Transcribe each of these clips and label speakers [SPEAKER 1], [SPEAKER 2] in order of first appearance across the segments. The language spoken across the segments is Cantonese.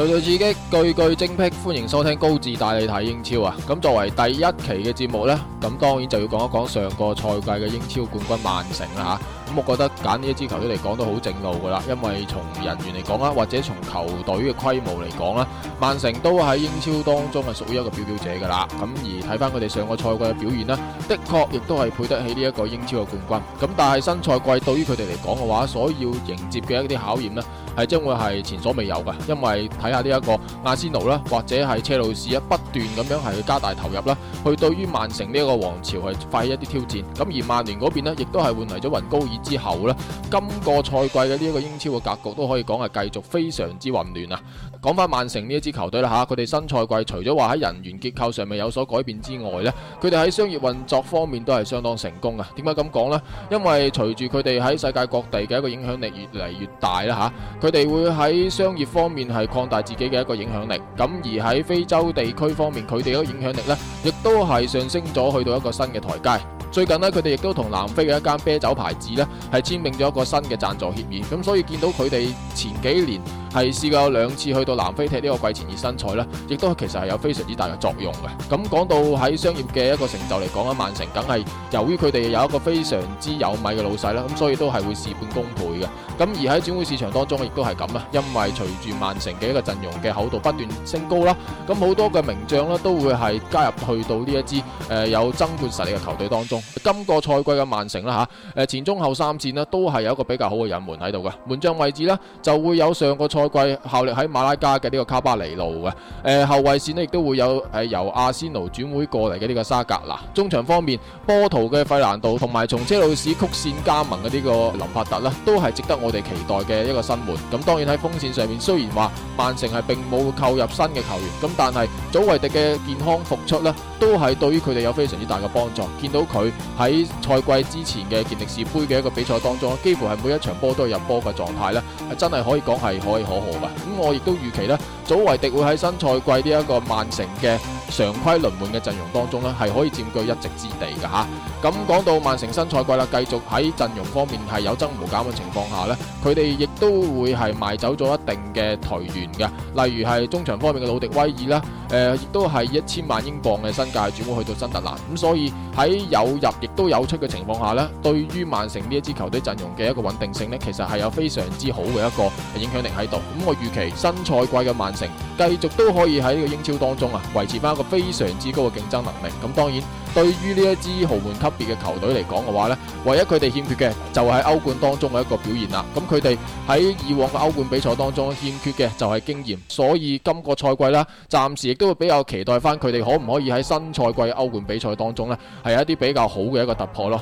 [SPEAKER 1] 句句刺激，句句精闢，歡迎收聽高治帶你睇英超啊！咁作為第一期嘅節目呢，咁當然就要講一講上個賽季嘅英超冠軍曼城啦吓。咁我覺得揀呢一支球隊嚟講都好正路噶啦，因為從人員嚟講啦，或者從球隊嘅規模嚟講啦，曼城都喺英超當中係屬於一個表表者噶啦。咁而睇翻佢哋上個賽季嘅表現咧，的確亦都係配得起呢一個英超嘅冠軍。咁但係新賽季對於佢哋嚟講嘅話，所要迎接嘅一啲考驗咧，係將會係前所未有嘅。因為睇下呢一個阿仙奴啦，或者係車路士啊，不斷咁樣係加大投入啦，去對於曼城呢一個王朝係發起一啲挑戰，咁而曼聯嗰邊咧，亦都係換嚟咗雲高爾。之後呢，今個賽季嘅呢一個英超嘅格局都可以講係繼續非常之混亂啊！講翻曼城呢一支球隊啦吓，佢哋新賽季除咗話喺人員結構上面有所改變之外呢，佢哋喺商業運作方面都係相當成功啊！點解咁講呢？因為隨住佢哋喺世界各地嘅一個影響力越嚟越大啦吓，佢哋會喺商業方面係擴大自己嘅一個影響力，咁而喺非洲地區方面佢哋個影響力呢，亦都係上升咗去到一個新嘅台階。最近呢，佢哋亦都同南非嘅一間啤酒牌子呢，係簽訂咗一個新嘅贊助協議。咁所以見到佢哋前幾年係試過兩次去到南非踢呢個季前熱身賽啦，亦都其實係有非常之大嘅作用嘅。咁講到喺商業嘅一個成就嚟講啊，曼城梗係由於佢哋有一個非常之有米嘅老細啦，咁所以都係會事半功倍嘅。咁而喺轉會市場當中，亦都係咁啊，因為隨住曼城嘅一個陣容嘅厚度不斷升高啦，咁好多嘅名將咧都會係加入去到呢一支誒有爭冠實力嘅球隊當中。今個賽季嘅曼城啦，吓，誒前中後三線咧都係有一個比較好嘅隱門喺度嘅，門將位置咧就會有上個賽季效力喺馬拉加嘅呢個卡巴尼路。嘅、呃、誒後衛線咧亦都會有係、呃、由阿仙奴轉會過嚟嘅呢個沙格嗱，中場方面波圖嘅費南度同埋從車路士曲線加盟嘅呢個林柏特啦，都係值得我哋期待嘅一個新門。咁當然喺鋒線上面，雖然話曼城係並冇購入新嘅球員，咁但係祖維迪嘅健康復出咧，都係對於佢哋有非常之大嘅幫助。見到佢。喺賽季之前嘅健力士杯嘅一個比賽當中，幾乎係每一場波都有入波嘅狀態咧，真係可以講係可以可賀嘅。咁我亦都預期咧，祖維迪會喺新賽季呢一個曼城嘅常規輪換嘅陣容當中呢，係可以佔據一席之地嘅吓。咁、啊、講到曼城新賽季啦，繼續喺陣容方面係有增無減嘅情況下呢，佢哋亦都會係賣走咗一定嘅隊員嘅，例如係中場方面嘅魯迪威爾啦，誒、呃、亦都係一千萬英鎊嘅身價轉會去到新特蘭。咁所以喺有入亦都有出嘅情況下呢，對於曼城呢一支球隊陣容嘅一個穩定性呢，其實係有非常之好嘅一個影響力喺度。咁我預期新賽季嘅曼城，繼續都可以喺呢個英超當中啊，維持翻一個非常之高嘅競爭能力。咁當然對於呢一支豪門級別嘅球隊嚟講嘅話咧，唯一佢哋欠缺嘅就係歐冠當中嘅一個表現啦。咁佢哋喺以往嘅歐冠比賽當中欠缺嘅就係經驗，所以今個賽季啦，暫時亦都會比較期待翻佢哋可唔可以喺新賽季歐冠比賽當中咧係有一啲比較好嘅一個突破咯。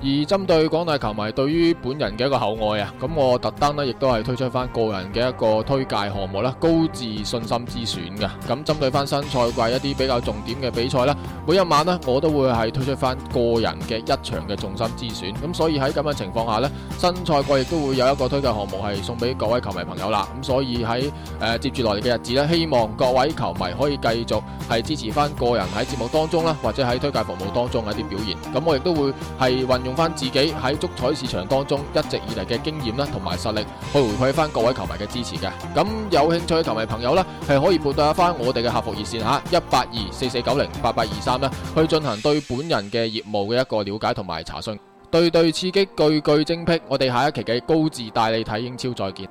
[SPEAKER 1] 而針對廣大球迷對於本人嘅一個厚愛啊，咁我特登呢亦都係推出翻個人嘅一個推介項目啦，高自信心之選嘅。咁針對翻新賽季一啲比較重點嘅比賽啦，每一晚呢我都會係推出翻個人嘅一場嘅重心之選。咁所以喺咁嘅情況下呢，新賽季亦都會有一個推介項目係送俾各位球迷朋友啦。咁所以喺誒、呃、接住落嚟嘅日子呢，希望各位球迷可以繼續係支持翻個人喺節目當中啦，或者喺推介服務當中嘅一啲表現。咁我亦都會係運用翻自己喺足彩市場當中一直以嚟嘅經驗啦，同埋實力去回饋翻各位球迷嘅支持嘅。咁有興趣嘅球迷朋友呢，係可以撥打一翻我哋嘅客服熱線吓一八二四四九零八八二三呢，去進行對本人嘅業務嘅一個了解同埋查詢。對對刺激，句句精闢。我哋下一期嘅高治帶你睇英超再見。